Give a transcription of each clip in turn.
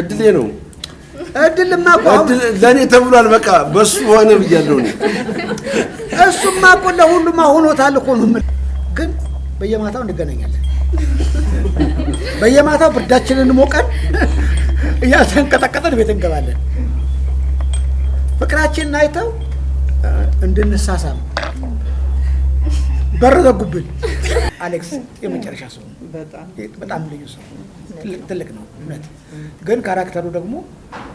እድሌ ነው። እድልማ እኮ ለእኔ ተብሏል። በቃ በሱ ሆነ ብያለሁ እሱማ እኮ ለሁሉማ ሆኖታል እኮ ነው ግን በየማታው እንገናኛለን። በየማታው ብርዳችንን እንሞቀን እያተንቀጠቀጠን ቤት እንገባለን። ፍቅራችንን አይተው እንድንሳሳም በረዘጉብን። አሌክስ የመጨረሻ ሰው ነው። በጣም ልዩ ሰው ትልቅ ነው እውነት። ግን ካራክተሩ ደግሞ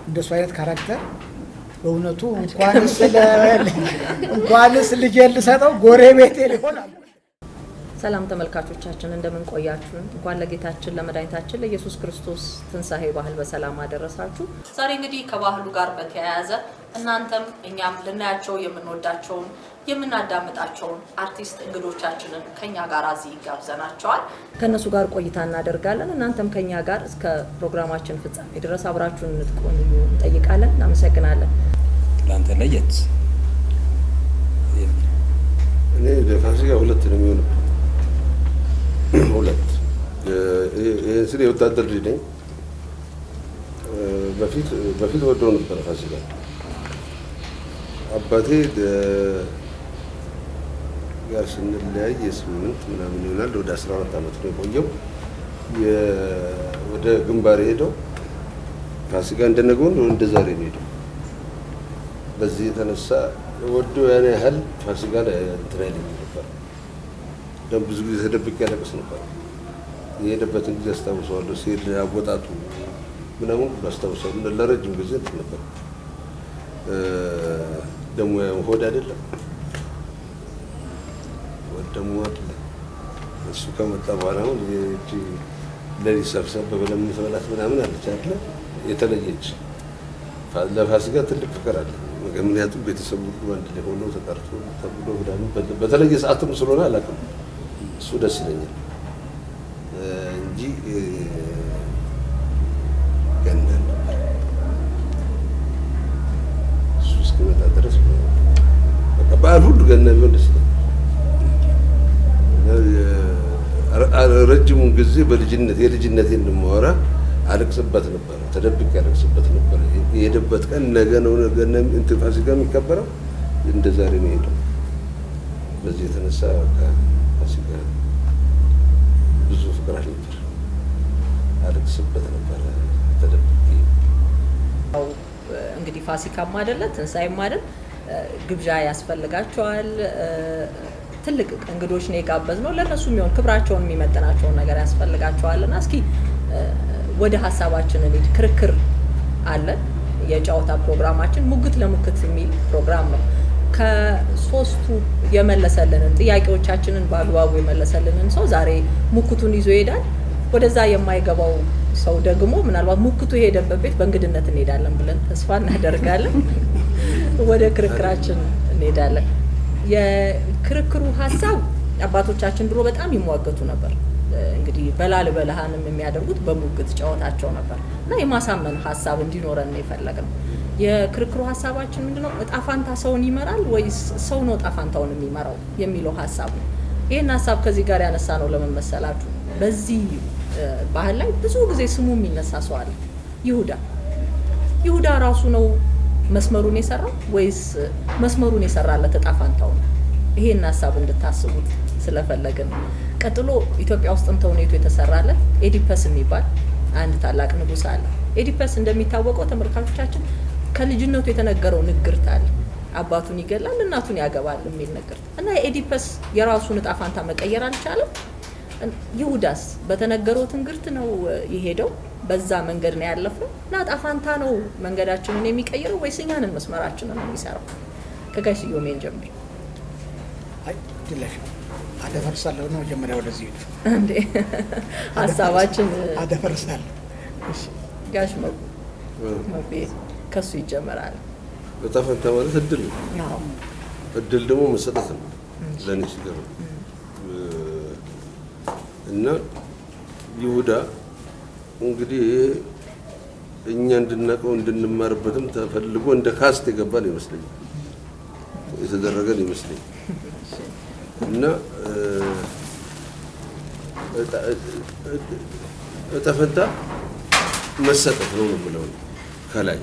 እንደሱ አይነት ካራክተር በእውነቱ እንኳንስ ልጄ ልሰጠው ጎረቤቴ ሊሆናል። ሰላም ተመልካቾቻችን እንደምን ቆያችሁን? እንኳን ለጌታችን ለመድኃኒታችን ለኢየሱስ ክርስቶስ ትንሣኤ ባህል በሰላም አደረሳችሁ። ዛሬ እንግዲህ ከባህሉ ጋር በተያያዘ እናንተም እኛም ልናያቸው የምንወዳቸውን የምናዳምጣቸውን አርቲስት እንግዶቻችንን ከኛ ጋር እዚህ ይጋብዘናቸዋል። ከእነሱ ጋር ቆይታ እናደርጋለን። እናንተም ከኛ ጋር እስከ ፕሮግራማችን ፍጻሜ ድረስ አብራችሁን እንድትቆዩ እንጠይቃለን። እናመሰግናለን። ለአንተ ለየት እኔ ለፋሲካ ሁለት ነው የሚሆነ ሁለት ይህን ስል የወታደር ልጅ ነኝ። በፊት በፊት ወደው ነበረ ፋሲካ አባቴ ጋር ስንለያይ የስምንት ምናምን ይሆናል ወደ አስራ አራት ዓመት ነው የቆየው። ወደ ግንባር ሄደው ፋሲካ እንደነገውን እንደ ዛሬ ነው ሄደው። በዚህ የተነሳ ወዶ ያን ያህል ፋሲካ እንትን አይለኝ ነበር። ደም ብዙ ጊዜ ተደብቅ ያለቅስ ነበር። የሄደበትን ጊዜ አስታውሰዋለሁ። ሲሄድ አወጣጡ ምናምን አስታውሰዋለሁ። ለረጅም ጊዜ እንትን ነበር። ደግሞ ሆድ አይደለም ደግሞ አለ እሱ ከመጣ በኋላ አሁን ለሊት ሰብሰብ በበለም መብላት ምናምን አለች አለ የተለየች ለፋሲካ ትልቅ ፍቅር አለ። ምክንያቱም ቤተሰቡ ሁሉ አንድ ላይ ሆኖ ተጠርቶ ተብሎ በተለየ ሰዓትም ስለሆነ አላውቅም። እሱ ደስ ይለኛል እንጂ ገነን ነበር። እሱ እስኪመጣ ድረስ በቃ በዓል ሁሉ ገነን ቢሆን ደስ ይለኛል። ረጅሙን ጊዜ በልጅነት የልጅነት እንድመወራ አለቅስበት ነበረ። ተደብቄ አለቅስበት ነበረ። የሄደበት ቀን ነገ ነው። ነገ እንትን ፋሲካ የሚከበረው እንደ ዛሬ ነው የሄደው። በዚህ የተነሳ ፋሲካ ብዙ ፍቅራሽ ነበር። አለቅስበት ነበረ ተደብቄ። እንግዲህ ፋሲካም አይደለ ትንሳኤም አይደል ግብዣ ያስፈልጋቸዋል። ትልቅ እንግዶች ነው ነው። ለእነሱ የሚሆን ክብራቸውን የሚመጥናቸውን ነገር ና እስኪ ወደ ሀሳባችን እንሂድ። ክርክር አለን። የጨዋታ ፕሮግራማችን ሙግት ለሙክት የሚል ፕሮግራም ነው። ከሶስቱ የመለሰልንን ጥያቄዎቻችንን በአግባቡ የመለሰልንን ሰው ዛሬ ሙክቱን ይዞ ይሄዳል። ወደዛ የማይገባው ሰው ደግሞ ምናልባት ሙክቱ የሄደበት ቤት በእንግድነት እንሄዳለን ብለን ተስፋ እናደርጋለን። ወደ ክርክራችን እንሄዳለን። ክርክሩ ሀሳብ አባቶቻችን ድሮ በጣም ይሟገቱ ነበር። እንግዲህ በላል በልሃንም የሚያደርጉት በሙግት ጨዋታቸው ነበር እና የማሳመን ሀሳብ እንዲኖረን የፈለግ ነው። የክርክሩ ሀሳባችን ምንድነው? እጣፋንታ ሰውን ይመራል ወይስ ሰው ነው እጣፋንታውን የሚመራው የሚለው ሀሳብ ነው። ይህን ሀሳብ ከዚህ ጋር ያነሳ ነው ለምን መሰላችሁ? በዚህ ባህል ላይ ብዙ ጊዜ ስሙ የሚነሳ ሰው አለ። ይሁዳ ይሁዳ ራሱ ነው መስመሩን የሰራው ወይስ መስመሩን የሰራለት እጣፋንታው ነው? ይሄን ሀሳብ እንድታስቡት ስለፈለግን ቀጥሎ ኢትዮጵያ ውስጥም ተውኔቱ የተሰራለ ኤዲፐስ የሚባል አንድ ታላቅ ንጉስ አለ። ኤዲፐስ እንደሚታወቀው ተመልካቾቻችን ከልጅነቱ የተነገረው ንግርት አለ። አባቱን ይገላል፣ እናቱን ያገባል የሚል ንግርት እና የኤዲፐስ የራሱን እጣ ፋንታ መቀየር አልቻለም። ይሁዳስ በተነገረው ትንግርት ነው የሄደው። በዛ መንገድ ነው ያለፈው እና እጣ ፋንታ ነው መንገዳችንን የሚቀይረው ወይስ እኛንን መስመራችንን ነው የሚሰራው? ከጋሽ ስዩሜን ትለፊው አደፈርሳለሁ ነው መጀመሪያ ወደዚህ ሄዱ። እንዴ ሀሳባችን አደፈርሳለሁ። ጋሽ መቤ ከሱ ይጀመራል። ዕጣ ፈንታ ማለት እድል ነው። እድል ደግሞ መሰጠት ነው። ለእኔ ሲገር እና ይሁዳ እንግዲህ እኛ እንድናውቀው እንድንማርበትም ተፈልጎ እንደ ካስት ይመስለኛል ይመስለኛል። እና እተፈንታ መሰጠት ነው የምለው ከላይ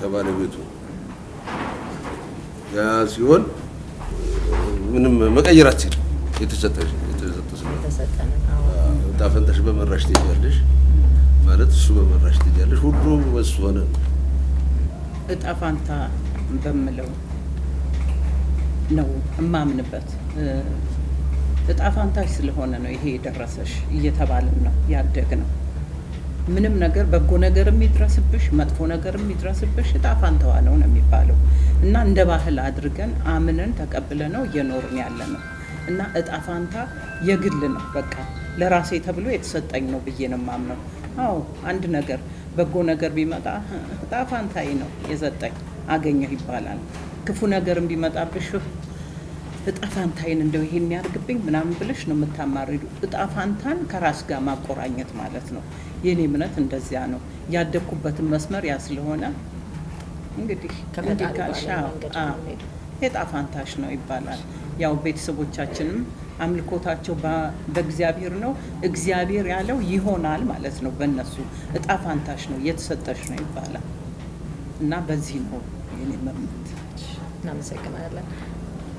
ከባለቤቱ ያ ሲሆን ምንም መቀየር አትችልም። የተሰጠሽ ዕጣ ፈንታሽ በመራሽ ትሄጃለሽ ማለት እሱ በመራሽ ትሄጃለሽ። ሁሉ በሱ ሆነ ዕጣ ፋንታ በምለው ነው እማምንበት። እጣ ፋንታሽ ስለሆነ ነው ይሄ የደረሰሽ እየተባልን ነው ያደግ ነው። ምንም ነገር በጎ ነገር የሚድረስብሽ መጥፎ ነገር የሚድረስብሽ እጣ ፋንታዋ ነው ነው የሚባለው እና እንደ ባህል አድርገን አምነን ተቀብለ ነው እየኖርን ያለ ነው እና እጣ ፋንታ የግል ነው። በቃ ለራሴ ተብሎ የተሰጠኝ ነው ብዬ ነው የማምነው። አዎ አንድ ነገር በጎ ነገር ቢመጣ እጣ ፋንታዬ ነው የሰጠኝ አገኘሁ ይባላል። ክፉ ነገርም ቢመጣብሽ እጣፋንታይን እንደው ይሄን ያርግብኝ ምናምን ብለሽ ነው የምታማርዱ። እጣፋንታን ከራስ ጋር ማቆራኘት ማለት ነው። የኔ እምነት እንደዚያ ነው። ያደግኩበትን መስመር ያ ስለሆነ እንግዲህ የጣፋንታሽ ነው ይባላል። ያው ቤተሰቦቻችንም አምልኮታቸው በእግዚአብሔር ነው። እግዚአብሔር ያለው ይሆናል ማለት ነው። በእነሱ እጣፋንታሽ ነው የተሰጠሽ ነው ይባላል እና በዚህ ነው የኔ እናመሰግናለን።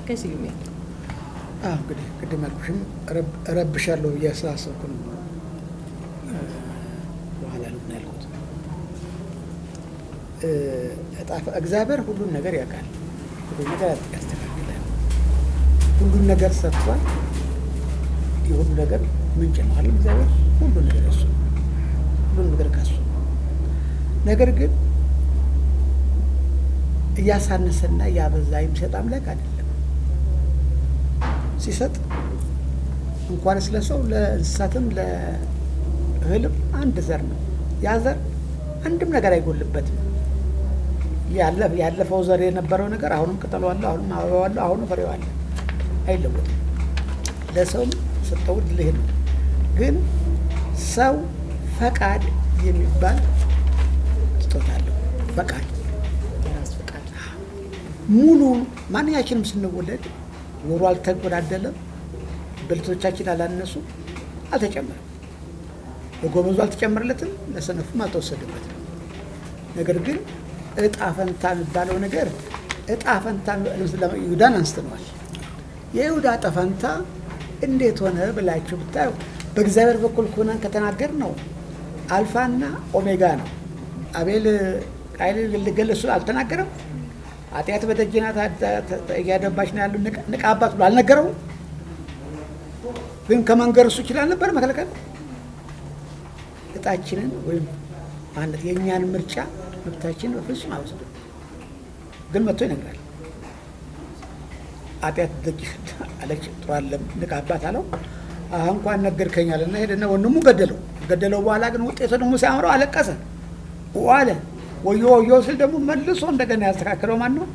ከዚህ ሜል እንግዲህ ቅድም ያልኩሽም ረብሻለሁ ብዬ በኋላ ነው በኋላ ልምን ያልኩት። እግዚአብሔር ሁሉን ነገር ያውቃል፣ ሁሉን ነገር ያስተካክላል። ሁሉን ነገር ሰጥቷል። የሁሉ ነገር ምንጭ ነው አለ እግዚአብሔር። ሁሉ ነገር እሱ ሁሉ ነገር ከሱ ነገር ግን እያሳነሰና እያበዛ የሚሰጥ አምላክ አይደለም። ሲሰጥ ስለ ለሰው ለእንስሳትም ለእህልም አንድ ዘር ነው። ያ ዘር አንድም ነገር አይጎልበትም። ያለፈው ዘር የነበረው ነገር አሁንም ቅጠሉ አለ፣ አሁንም አበባው አለ፣ አሁኑ ፍሬው አለ። አይለወጥም። ለሰውም ሰጠው ድልህ ነው። ግን ሰው ፈቃድ የሚባል ስጦታ አለው። ፈቃድ ሙሉ ማንኛችንም ስንወለድ ወሩ አልተጎዳደለም፣ ብልቶቻችን አላነሱ፣ አልተጨመረም። ለጎበዙ አልተጨመረለትም፣ ለሰነፉም አልተወሰደበትም። ነገር ግን እጣ ፈንታ የሚባለው ነገር እጣ ፈንታ ይሁዳን አንስትነዋል። የይሁዳ እጣ ፈንታ እንዴት ሆነ ብላችሁ ብታዩ በእግዚአብሔር በኩል ከሆነ ከተናገር ነው አልፋና ኦሜጋ ነው። አቤል ቃይል ልገለሱ አልተናገረም። ኃጢአት በደጄ ናት እያደባች ነው ያሉ ንቃባት ብሎ አልነገረውም። ግን ከመንገድ እሱ ይችላል ነበር መከለከል። እጣችንን ወይም ማለት የእኛን ምርጫ መብታችንን በፍጹም አይወስድም። ግን መጥቶ ይነግራል። ኃጢአት ደጅሽ አለች ጥሩ አለም ንቃ አባት አለው። እንኳን ነገርከኛል እና ሄደና ወንድሙ ገደለው። ገደለው በኋላ ግን ውጤቱ ደግሞ ሲያምረው አለቀሰ ዋለ ወዮ ወዮ ስል ደግሞ መልሶ እንደገና ያስተካከለው ማን ነው?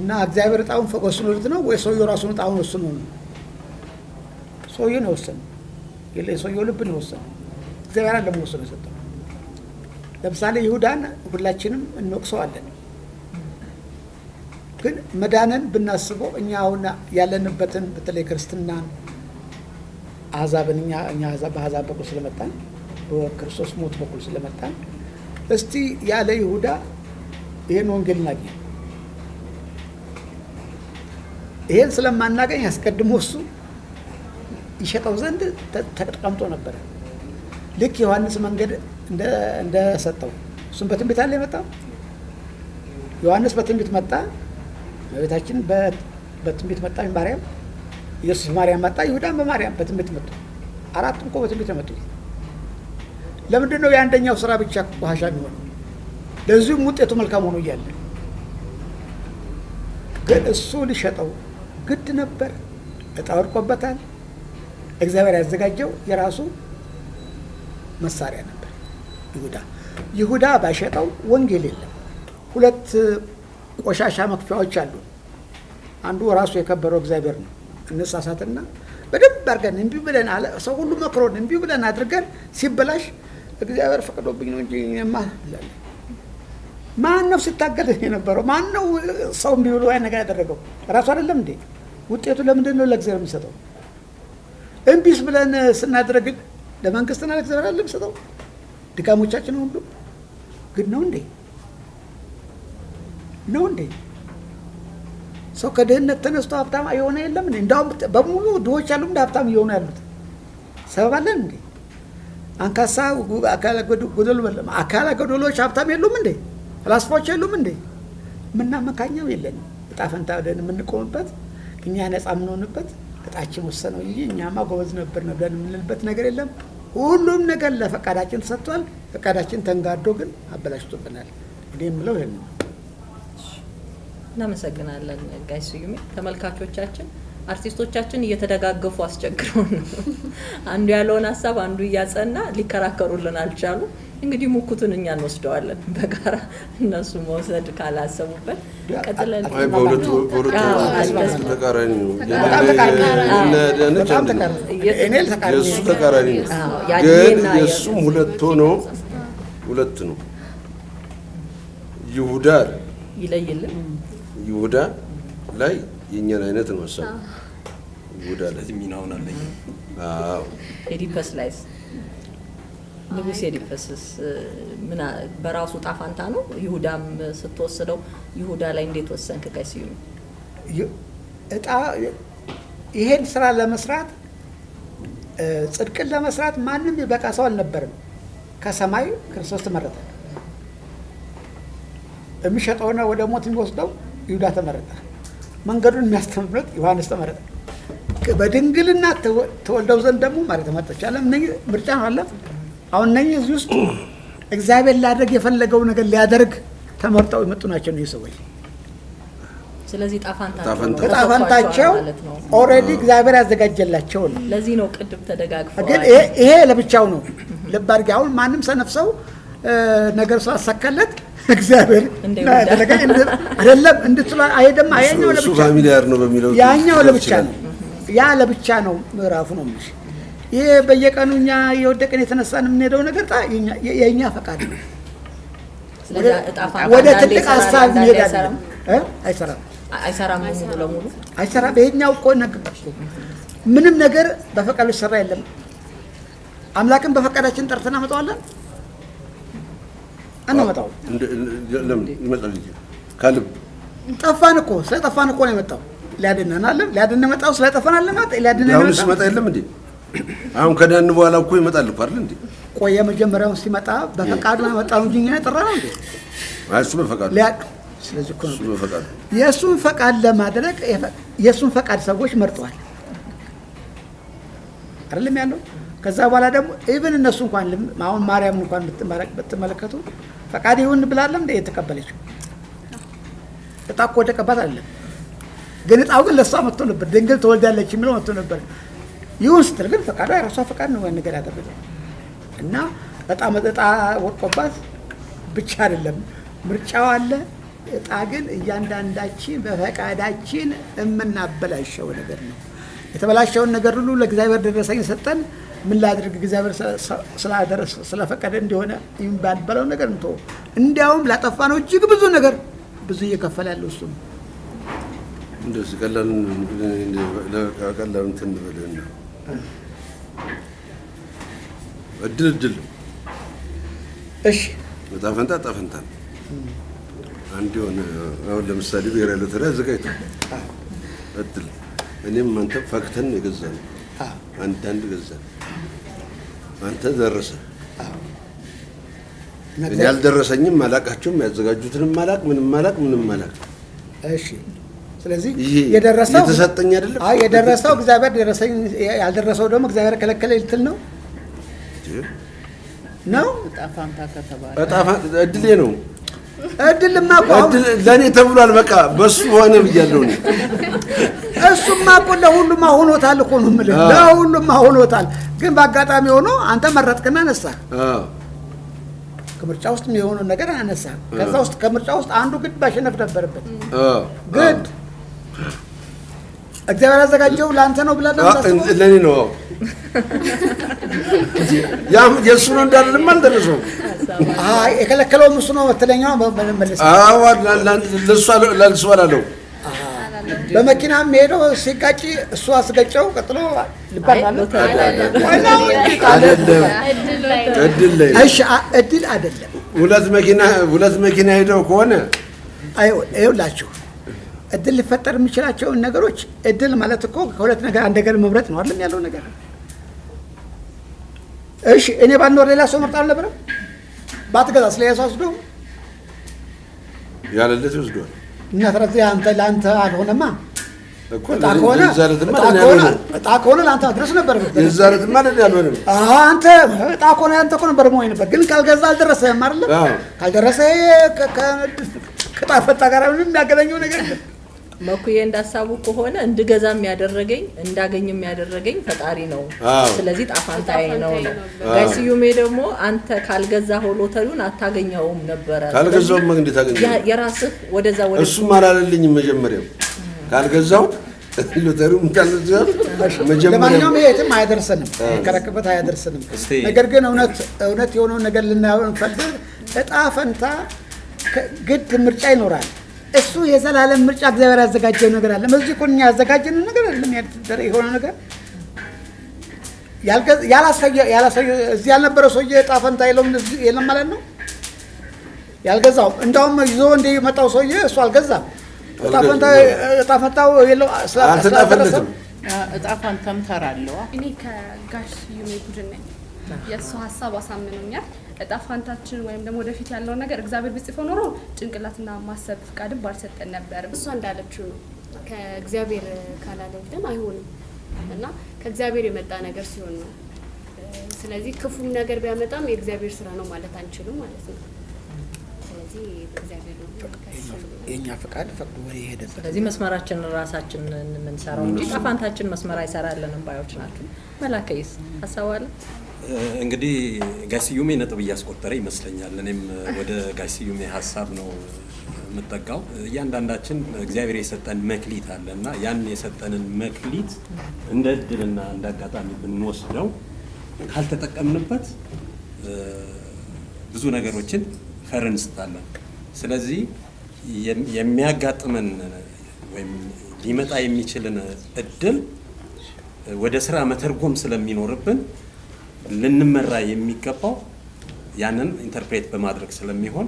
እና እግዚአብሔር እጣውን ወስኖት ነው ወይ ሰውየው ራሱን እጣውን ወስኖ ነው? ሰውየው ነው የለ የሰውየው ልብ ነው የወሰነው። እግዚአብሔር አለ መወሰኑ የሰጠው። ለምሳሌ ይሁዳን ሁላችንም እንወቅሰዋለን። ግን መዳንን ብናስበው እኛ አሁን ያለንበትን በተለይ ክርስትናን አሕዛብን እኛ በአሕዛብ በኩል ስለመጣን በክርስቶስ ሞት በኩል ስለመጣ እስቲ ያለ ይሁዳ ይህን ወንጌል እናገኝ። ይህን ስለማናገኝ አስቀድሞ እሱ ይሸጠው ዘንድ ተቀምጦ ነበረ። ልክ ዮሐንስ መንገድ እንደሰጠው እሱም በትንቢት አለ የመጣው ዮሐንስ በትንቢት መጣ፣ እመቤታችን በትንቢት መጣ፣ ማርያም ኢየሱስ ማርያም መጣ፣ ይሁዳን በማርያም በትንቢት መጡ። አራቱም እኮ በትንቢት ነው መጡት። ለምንድን ነው የአንደኛው ስራ ብቻ ቆሻሻ የሚሆነው? ለዚሁም ውጤቱ መልካም ሆኖ እያለ ግን እሱ ሊሸጠው ግድ ነበር። እጣ ወድቆበታል። እግዚአብሔር ያዘጋጀው የራሱ መሳሪያ ነበር። ይሁዳ ይሁዳ ባይሸጠው ወንጌል የለም። ሁለት ቆሻሻ መክፊያዎች አሉ። አንዱ ራሱ የከበረው እግዚአብሔር ነው። እንሳሳትና በደንብ አድርገን እምቢ ብለን ሰው ሁሉ መክሮን እምቢ ብለን አድርገን ሲበላሽ እግዚአብሔር ፈቅዶብኝ ነው እንጂ ማ ማን ነው ሲታገል የነበረው? ማን ነው ሰው እምቢ ብሎ ያን ነገር ያደረገው? ራሱ አይደለም እንዴ? ውጤቱ ለምንድን ነው ለእግዚአብሔር የሚሰጠው? እምቢስ ብለን ስናደርግ ለመንግስትና ለእግዚአብሔር አለ የሚሰጠው? ድካሞቻችን ሁሉ ግን ነው እንዴ ነው እንዴ? ሰው ከድህነት ተነስቶ ሀብታም የሆነ የለም እንዴ? እንዳውም በሙሉ ድሆች ያሉ እንደ ሀብታም እየሆኑ ያሉት ሰበብ አለን እንዴ? አንካሳ አካለ ጎደሎ በለም። አካለ ጎደሎች ሀብታም የሉም እንዴ? ፈላስፋዎች የሉም እንዴ? የምናመካኛው የለንም። እጣ ፈንታ የምንቆምበት እኛ ነፃ የምንሆንበት እጣችን ወሰነው እንጂ እኛማ ጎበዝ ነበር ነው ብለን የምንልበት ነገር የለም። ሁሉም ነገር ለፈቃዳችን ተሰጥቷል። ፈቃዳችን ተንጋዶ ግን አበላሽቶብናል። እንግዲህ የምለው ይሄን ነው። እናመሰግናለን ጋሽ ስዩሜ ተመልካቾቻችን አርቲስቶቻችን እየተደጋገፉ አስቸግረው ነው። አንዱ ያለውን ሀሳብ አንዱ እያጸና ሊከራከሩልን አልቻሉ። እንግዲህ ሙኩቱን እኛ እንወስደዋለን በጋራ እነሱ መውሰድ ካላሰቡበት ቀጥለን ተቃራኒ ነው። ተቃራኒ ነው፣ ግን የእሱም ሁለት ሆኖ ሁለት ነው። ይሁዳ ይለይልን ይሁዳ ላይ የእኛን አይነት ነው ሰው ይጎዳል። ሚናውን አለኝ ኤዲፐስ ላይስ ንጉሥ ኤዲፐስስ በራሱ ጣፋንታ ነው። ይሁዳም ስትወስደው ይሁዳ ላይ እንዴት ወሰንክ? ቀሲዩ እጣ ይሄን ስራ ለመስራት ጽድቅን ለመስራት ማንም ይበቃ ሰው አልነበርም። ከሰማይ ክርስቶስ ተመረጠ። የሚሸጠውና ወደ ሞት የሚወስደው ይሁዳ ተመረጠ። መንገዱን የሚያስተምሩት ዮሐንስ ተመረጠ። በድንግልና ተወልደው ዘንድ ደግሞ ማለት ነ ምርጫ አለ። አሁን ነኝ እዚህ ውስጥ እግዚአብሔር ሊያደርግ የፈለገው ነገር ሊያደርግ ተመርጠው የመጡ ናቸው ነው ሰዎች። ስለዚህ ጣፋንታቸው ኦልሬዲ እግዚአብሔር ያዘጋጀላቸው ነው። ለዚህ ነው ቅድም ግን ይሄ ለብቻው ነው። ልብ አድርጌ አሁን ማንም ሰነፍ ሰው ነገር ስላሳካለት እግዚአብሔር ያደረገ አይደለም እንድትሉ አይደለም። ያኛው ለብቻ ፋሚሊያር ነው በሚለው ያኛው ለብቻ ነው፣ ያ ለብቻ ነው። ምዕራፉ ነው ምሽ ይሄ በየቀኑ እኛ የወደቀን የተነሳን የምንሄደው ነገር የእኛ ፈቃድ ነው። ወደ ትልቅ ሀሳብ እንሄዳለን። አይሰራም አይሰራም ሙሉ ለሙሉ አይሰራም። ይሄኛው እኮ ነግባሽ ምንም ነገር በፈቃዱ ይሰራ የለም። አምላክን በፈቃዳችን ጠርተን አመጣዋለን አናመጣው ለምን ይመጣል እንጂ ከልብ ጠፋን እኮ ስለጠፋን እኮ ነው የመጣው። ሊያድነን አለም ሊያድነን መጣው ስለጠፋን አለም ሊያድነን አሁን የለም እንዴ አሁን ከዳን በኋላ እኮ ይመጣል እኮ አይደል እንዴ? ቆየ መጀመሪያውን ሲመጣ በፈቃዱ መጣ ነው እንጂ እኛ የጠራ ነው እንዴ? እሱ በፈቃዱ ስለዚህ እኮ የእሱን ፈቃድ ለማድረግ የእሱን ፈቃድ ሰዎች መርጠዋል አይደለም ያለው ከዛ በኋላ ደግሞ ኢቭን እነሱ እንኳን አሁን ማርያም እንኳን ብትመለከቱ ፈቃድ ይሁን ብላለም እንደ የተቀበለችው እጣ እኮ ወደቀባት አይደለም። ግን እጣው ግን ለእሷ መጥቶ ነበር። ድንግል ትወልዳለች የሚለው መጥቶ ነበር። ይሁን ስትል ግን ፈቃዷ የራሷ ፈቃድ ነው። ያን ነገር ያደረገው እና እጣ እጣ ወጥቆባት ብቻ አይደለም ምርጫው አለ። እጣ ግን እያንዳንዳችን በፈቃዳችን የምናበላሸው ነገር ነው። የተበላሸውን ነገር ሁሉ ለእግዚአብሔር ደረሰኝ ሰጠን። ምን ላድርግ እግዚአብሔር ስላደረስ ስለፈቀደ እንደሆነ ባልበለው ነገር እንቶ እንዲያውም ላጠፋ ነው እጅግ ብዙ ነገር ብዙ እየከፈለ ያለው እሱ ነው። እንደሱ ቀላሉ እንትን ብለን እድል እድል እሺ፣ እጣ ፈንታ እጣ ፈንታ አንድ የሆነ አሁን ለምሳሌ ብሔራዊ ሎተሪ አዘጋጅቷል። እድል እኔም አንተም ፈክተን የገዛ ነው አንዳንድ ገዛን፣ አንተ ደረሰ። እኔ አልደረሰኝም፣ አላቃቸውም፣ ያዘጋጁትንም አላቅ፣ ምንም አላቅ፣ ምንም አላቅ። እሺ ስለዚህ የደረሰው የተሰጠኝ አይደለም። አይ የደረሰው እግዚአብሔር ደረሰኝ፣ ያልደረሰው ደግሞ እግዚአብሔር ከለከለ ልትል ነው ነው እድሌ ነው። እድልማ እኮ ለእኔ ተብሏል። በቃ በሱ ሆነ ብያለሁ እኔ እሱማ እኮ ለሁሉም ሆኖታል እኮ ነው የምልህ፣ ለሁሉም ሆኖታል። ግን በአጋጣሚ ሆኖ አንተ መረጥክና አነሳህ። ከምርጫ ውስጥ የሆነውን ነገር አነሳ። ከዛ ውስጥ ከምርጫ ውስጥ አንዱ ግድ ባሸነፍ ነበረበት ግድ እግዚአብሔር ያዘጋጀው ለአንተ ነው ብለህ ለእኔ ነው። ያም የእሱ ነው እንዳልልም አልደረሰውም። የከለከለውም እሱ ነው መትለኛው መለስ ለእሱ አላለው በመኪና ሄዶ ሲጋጭ እሱ አስገጨው። ቀጥሎ እድል አይደለም። ሁለት መኪና ሄደው ከሆነ ይኸውላችሁ እድል ሊፈጠር የሚችላቸውን ነገሮች እድል ማለት እኮ ከሁለት ነገር አንድ ነገር መምረጥ ነው አለም ያለው ነገር። እሺ እኔ ባልኖር ሌላ ሰው መርጣ አልነበረም። ባትገዛ ስለያሳስዶ ያለለት ይወስዷል እና ስለዚህ አንተ ለአንተ አልሆነማ እጣ ከሆነ ለአንተ አድረስ ነበር። አንተ እጣ ከሆነ አንተ እኮ ነበር መሆን ነበር። ግን ካልገዛ አልደረሰህም አይደለም። ካልደረሰህ ከዕጣ ጋር ምንም የሚያገናኘው ነገር የለም። መኩዬ እንዳሳቡ ከሆነ እንድገዛ የሚያደረገኝ እንዳገኝ የሚያደረገኝ ፈጣሪ ነው። ስለዚህ ጣፋንታዬ ነው ነው። ጋይስዩሜ ደግሞ አንተ ካልገዛ ሎተሪውን አታገኘውም ነበረ። ካልገዛውም እንዴት አገኘው? የራስህ ወደዛ ወደ እሱም አላለልኝም። መጀመሪያው ካልገዛው ሎተሪውም ካልገዛው ለማንኛውም የትም አያደርስንም፣ ከረክበት አያደርስንም። ነገር ግን እውነት እውነት የሆነውን ነገር ልናየው እንፈልግ እጣ ፈንታ ግድ ምርጫ ይኖራል እሱ የዘላለም ምርጫ እግዚአብሔር ያዘጋጀው ነገር አለ። መዚህ እኮ እኛ ያዘጋጀን ነገር አይደለም። የሆነ ነገር እዚህ ያልነበረ ሰውዬ ዕጣ ፈንታ የለም ማለት ነው። ያልገዛው እንዳውም ይዞ እንደ መጣው ሰውዬ እሱ አልገዛም። ዕጣ ፈንታው ዕጣ ፈንታም ተራ እኔ ከጋሽ ዩሜ ቡድን ነኝ። የእሱ ሀሳብ አሳምኖኛል። እጣ ፋንታችን ወይም ደግሞ ወደፊት ያለውን ነገር እግዚአብሔር ቢጽፈው ኖሮ ጭንቅላትና ማሰብ ፍቃድም ባልሰጠን ነበር። እሷ እንዳለችው ነው። ከእግዚአብሔር ካላለን ግን አይሆንም እና ከእግዚአብሔር የመጣ ነገር ሲሆን ነው። ስለዚህ ክፉም ነገር ቢያመጣም የእግዚአብሔር ስራ ነው ማለት አንችልም ማለት ነው። ስለዚህ እግዚአብሔር የእኛ ፍቃድ ፈቅዶ ወደ ሄደ። ስለዚህ መስመራችን ራሳችን የምንሰራው እንጂ ጣፋንታችን መስመር አይሰራልንም ባዮች ናቸው። መላከይስ ሀሳብ አለ እንግዲህ ጋሽ ስዩሜ ነጥብ እያስቆጠረ ይመስለኛል። እኔም ወደ ጋሽ ስዩሜ ሀሳብ ነው የምጠቃው። እያንዳንዳችን እግዚአብሔር የሰጠን መክሊት አለ እና ያን የሰጠንን መክሊት እንደ እድልና እንደ አጋጣሚ ብንወስደው ካልተጠቀምንበት ብዙ ነገሮችን ፈር እንስታለን። ስለዚህ የሚያጋጥመን ወይም ሊመጣ የሚችልን እድል ወደ ስራ መተርጎም ስለሚኖርብን ልንመራ የሚገባው ያንን ኢንተርፕሬት በማድረግ ስለሚሆን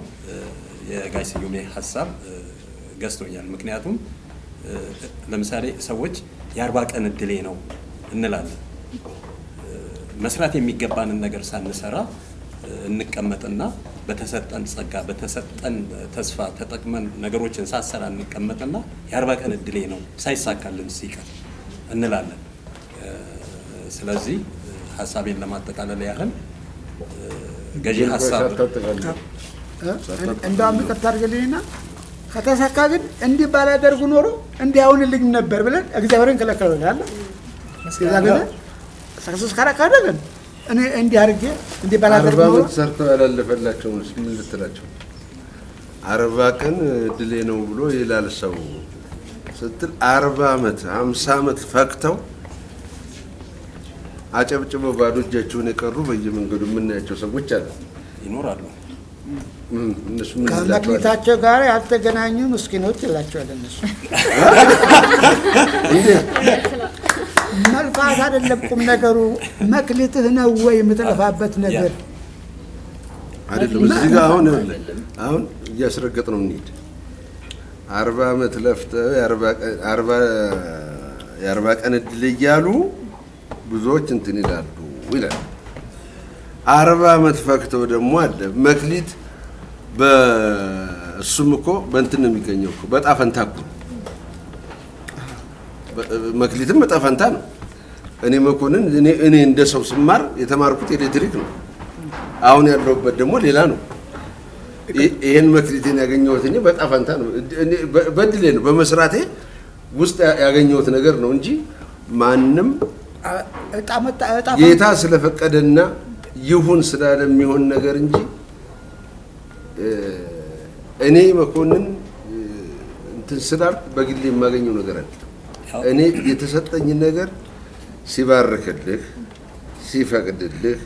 የጋሽ ስዩሜ ሀሳብ ገዝቶኛል። ምክንያቱም ለምሳሌ ሰዎች የአርባ ቀን እድሌ ነው እንላለን። መስራት የሚገባንን ነገር ሳንሰራ እንቀመጥና በተሰጠን ጸጋ በተሰጠን ተስፋ ተጠቅመን ነገሮችን ሳሰራ እንቀመጥና የአርባ ቀን እድሌ ነው ሳይሳካልን ሲቀር እንላለን። ስለዚህ ሀሳቤን ለማጠቃለል ያህል ገዢ ሀሳብ እንደ አንዱ ቀጥታ አድርገልኝና ከተሳካ ግን እንዲህ ባላደርጉ ኖሮ እንዲህ አይሆንልኝም ነበር ብለን እግዚአብሔርን ከለከለናል። ከዛ ግን ሰክሰስ ካላካደገን እኔ እንዲህ አድርጌ እንዲህ ባላደርጉ ኖሮ ሰርተው ያላለፈላቸው ምን ልትላቸው አርባ ቀን ድሌ ነው ብሎ ይላል ሰው ስትል አርባ አመት ሀምሳ አመት ፈክተው አጨብጭበ ባዶ እጃቸውን የቀሩ በየመንገዱ የምናያቸው ሰዎች አሉ፣ ይኖራሉ። ከመክሊታቸው ጋር ያልተገናኙ ምስኪኖች ይላቸዋል። እነሱ መልፋት አይደለም ቁም ነገሩ፣ መክሊትህ ነው ወይ የምትለፋበት ነገር አይደለም። እዚህ ጋር አሁን አሁን እያስረገጥ ነው እንሂድ። አርባ ዓመት ለፍተህ የአርባ ቀን እድል እያሉ ብዙዎች እንትን ይላሉ ይላል። አርባ አመት ፈክተው ደግሞ አለ መክሊት በእሱም እኮ በእንትን ነው የሚገኘው እኮ በጣፈንታ እኮ መክሊትም በጣፈንታ ነው። እኔ መኮንን እኔ እንደ ሰው ስማር የተማርኩት ኤሌክትሪክ ነው። አሁን ያለሁበት ደግሞ ሌላ ነው። ይሄን መክሊቴን ያገኘሁት እኔ በጣፈንታ ነው፣ በድሌ ነው፣ በመስራቴ ውስጥ ያገኘሁት ነገር ነው እንጂ ማንም ጌታ ስለፈቀደና ይሁን ስላለ የሚሆን ነገር እንጂ እኔ መኮንን እንትን ስላልኩ በግሌ የማገኘው ነገር አለ። እኔ የተሰጠኝ ነገር ሲባርክልህ ሲፈቅድልህ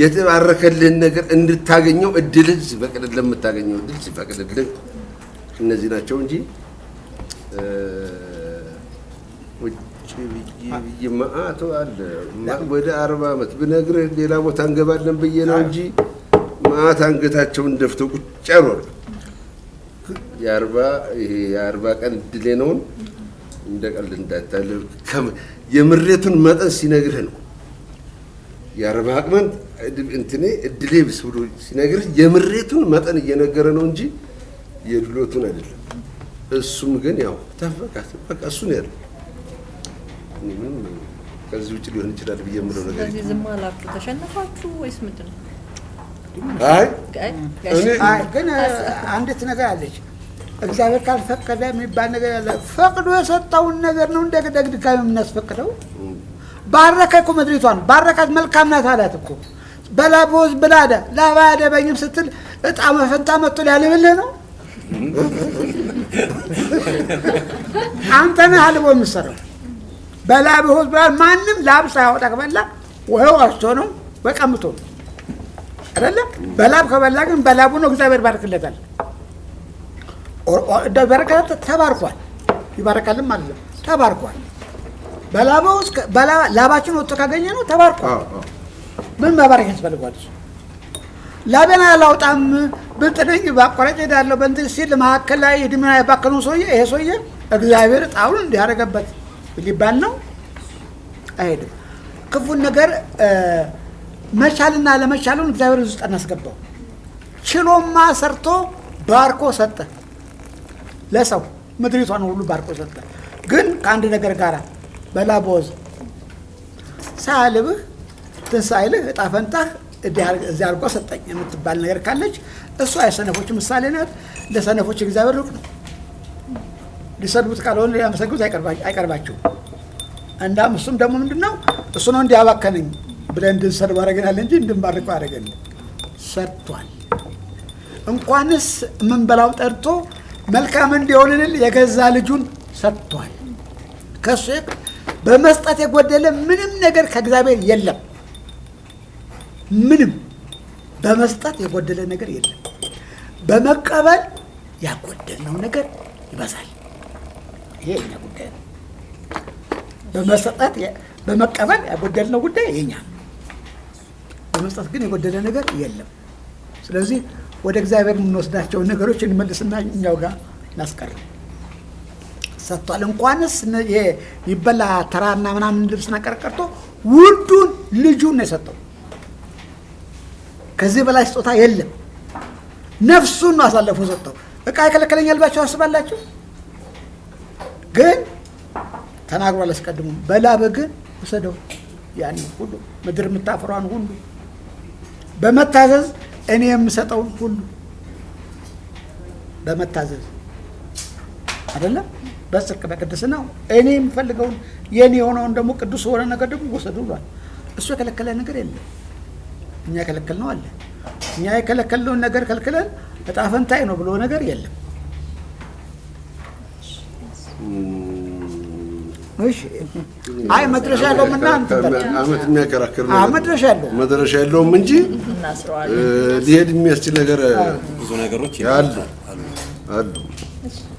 የተባረከልህን ነገር እንድታገኘው እድልን ሲፈቅድልህ ለምታገኘው እድል ሲፈቅድልህ እነዚህ ናቸው እንጂ ብዬ አለ ወደ አርባ ዓመት ብነግርህ ሌላ ቦታ እንገባለን ብዬ ነው እንጂ መአት አንገታቸውን ደፍተው ቁጭ ያኖር የአርባ ይሄ የአርባ ቀን እድሌ ነውን እንደ ቀልድ የምሬቱን መጠን ሲነግርህ ነው የአርባ አቅመን እንትኔ እድሌ ብስ ብሎ ሲነግርህ የምሬቱን መጠን እየነገረ ነው እንጂ የድሎቱን አይደለም። እሱም ግን ያው ተፈቃት በቃ እሱን ያለው ምንም ከዚህ ውጭ ሊሆን ይችላል ብዬ የምለው ነገር ስለዚህ ዝም አላችሁ። ተሸነፋችሁ ወይስ ምንድን ነው? ግን አንዲት ነገር አለች። እግዚአብሔር ካልፈቀደ የሚባል ነገር ያለ ፈቅዶ የሰጠውን ነገር ነው እንደ ደግድጋሚ የምናስፈቅደው። ባረከ እኮ ምድሪቷን ባረካት፣ መልካም ናት አላት እኮ በላቦዝ ብላደ ላባ ያደበኝም ስትል እጣ መፈንታ መጥቶ ሊያልብልህ ነው። አንተ ነህ አልቦ የምሰራው። በላብ ሆስፒታል ማንም ላብ ሳያወጣ ከበላ ወይው አርሶ ነው ወይ በቀምቶ አይደለ። በላብ ከበላ ግን በላቡ ነው እግዚአብሔር ባርክለታል። በረከት ተባርኳል፣ ይባረካልም ማለት ነው። ተባርኳል። በላባ ውስጥ ላባችን ወጥቶ ካገኘ ነው ተባርኳል። ምን መባረክ ያስፈልጓል? ላቤን አላውጣም ብልጥ ነኝ በአቋራጭ ሄዳለሁ በእንትን ሲል መካከል ላይ እድሜና የባከኑ ሰውዬ ይሄ ሰውዬ እግዚአብሔር ጣውል እንዲያደረገበት ሊባል ነው አይሄድም። ክፉን ነገር መቻልና ለመቻሉን እግዚአብሔር ውስጥ እናስገባው። ችሎማ ሰርቶ ባርኮ ሰጠ ለሰው ምድሪቷን ሁሉ ባርኮ ሰጠ። ግን ከአንድ ነገር ጋር በላቦዝ ሳያልብህ ትንሳይልህ እጣ ፈንታህ እዚህ አድርጎ ሰጠኝ የምትባል ነገር ካለች እሷ የሰነፎች ምሳሌ ናት። ለሰነፎች እግዚአብሔር ሩቅ ነው። ሊሰድቡት ካልሆነ ሊያመሰግኑት አይቀርባቸውም። እንዳም እሱም ደግሞ ምንድን ነው እሱ ነው እንዲያባከነኝ ብለን እንድንሰድብ አደረገናል እንጂ እንድንባርቁ አደረገን። ሰጥቷል። እንኳንስ የምንበላው ጠርቶ መልካም እንዲሆንልን የገዛ ልጁን ሰጥቷል። ከሱ በመስጠት የጎደለ ምንም ነገር ከእግዚአብሔር የለም። ምንም በመስጠት የጎደለ ነገር የለም። በመቀበል ያጎደልነው ነገር ይበዛል። ይሄ የኛ ጉዳይ ነው። በመሰጠት በመቀበል ያጎደልነው ጉዳይ የኛ ነው። በመስጠት ግን የጎደለ ነገር የለም። ስለዚህ ወደ እግዚአብሔር የምንወስዳቸውን ነገሮች እንመልስና እኛው ጋር እናስቀር። ሰጥቷል። እንኳንስ ይበላ ተራና ምናምን ልብስና ቀርቀርቶ ውዱን ልጁን ነው የሰጠው። ከዚህ በላይ ስጦታ የለም። ነፍሱን ነው አሳለፎ ሰጠው። እቃ ይከለከለኛል ብላችሁ አስባላችሁ? ግን ተናግሯል አስቀድሞ በላበ ግን ውሰደው ያን ሁሉ ምድር የምታፈሯን ሁሉ በመታዘዝ እኔ የምሰጠውን ሁሉ በመታዘዝ አይደለም በጽድቅ በቅድስና እኔ የምፈልገውን የኔ የሆነውን ደግሞ ቅዱስ የሆነ ነገር ደግሞ ወሰዱ ብሏል። እሱ የከለከለ ነገር የለም። እኛ የከለከልነው አለ። እኛ የከለከልነውን ነገር ከልክለን እጣ ነው ብሎ ነገር የለም። አይ መድረሻ ያለውም እና አመት የሚያከራክር መድረሻ የለውም መድረሻ የለውም እንጂ ሊሄድ የሚያስችል ነገር ብዙ ነገሮች አሉ አሉ።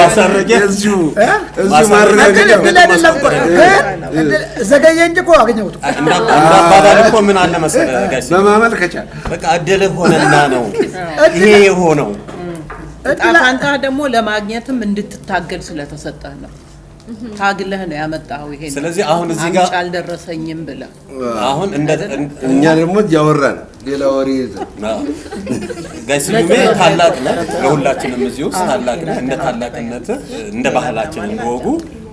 ማሳረጊያ እዚሁ ዘገየ እንጂ እኮ አገኘሁት። እንዳባባል እኮ ምን አለ መሰለህ በማመልከቻ በቃ እድልህ ሆነና ነው ይሄ የሆነው። ዕጣ ፋንታህ ደግሞ ለማግኘትም እንድትታገል ስለተሰጠህ ነው። ታግለህ ነው ያመጣኸው ይሄን። ስለዚህ አሁን እዚህ ጋር አልደረሰኝም ብለህ አሁን እኛ ደግሞ እያወራን ሌላ ወሬ ይዘህ ጋይ ስዩሜ ታላቅ ነህ፣ ለሁላችንም እዚህ ውስጥ ታላቅ ነህ። እንደ ታላቅነት እንደ ባህላችን እንወጉ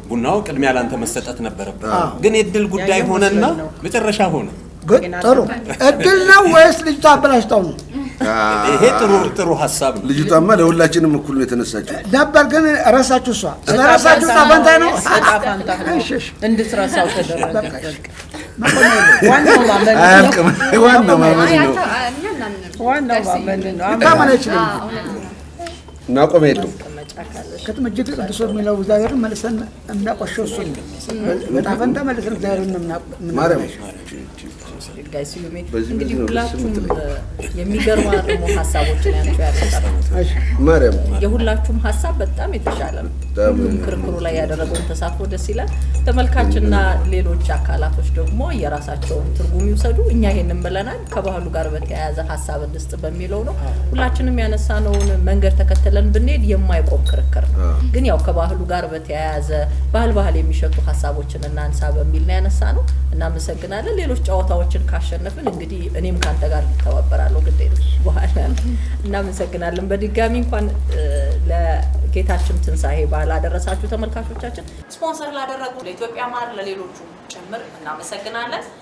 ቡናው ቅድሚያ ላንተ መሰጠት ነበረበት፣ ግን የእድል ጉዳይ ሆነና መጨረሻ ሆነ። ጥሩ እድል ነው ወይስ ልጅቷ አበላሽተው ነው? ይሄ ጥሩ ጥሩ ሀሳብ ነው። ልጅቷማ ለሁላችንም እኩል ነው የተነሳችው ነበር፣ ግን ረሳችሁ። እሷ ስለረሳችሁ ጣፋንታ ነው እንድትረሳው ተደረገ። ዋናው ማመን ነው። ዋናው ማመን ነው። ማቆም የለውም። ከጥምጅት ቅዱሶ የሚለው እግዚአብሔር መልሰን የምናቆሸው እሱ ነው። በጣም ፈንታ መልሰን እግዚአብሔር እንግዲህ ሁላችሁም የሚገርሙ አቅሙ ሀሳቦችን ያቸው ያሰጣል። የሁላችሁም ሀሳብ በጣም የተሻለ ነው። ሁሉም ክርክሩ ላይ ያደረገውን ተሳትፎ ደስ ይላል። ተመልካችና ሌሎች አካላቶች ደግሞ የራሳቸውን ትርጉም ይውሰዱ። እኛ ይሄንን ብለናል። ከባህሉ ጋር በተያያዘ ሀሳብ እንስጥ በሚለው ነው። ሁላችንም ያነሳነውን መንገድ ተከተለን ብንሄድ የማይቆም ክርክር ነው። ግን ያው ከባህሉ ጋር በተያያዘ ባህል ባህል የሚሸጡ ሀሳቦችን እናንሳ በሚል ነው ያነሳ ነው። እናመሰግናለን። ሌሎች ጨዋታዎችን ካሸነፍን እንግዲህ እኔም ከአንተ ጋር ተባበራለሁ። ግዴ በኋላ እናመሰግናለን። በድጋሚ እንኳን ለጌታችን ትንሣኤ በዓል አደረሳችሁ ተመልካቾቻችን። ስፖንሰር ላደረጉ ለኢትዮጵያ ማር፣ ለሌሎቹ ጭምር እናመሰግናለን።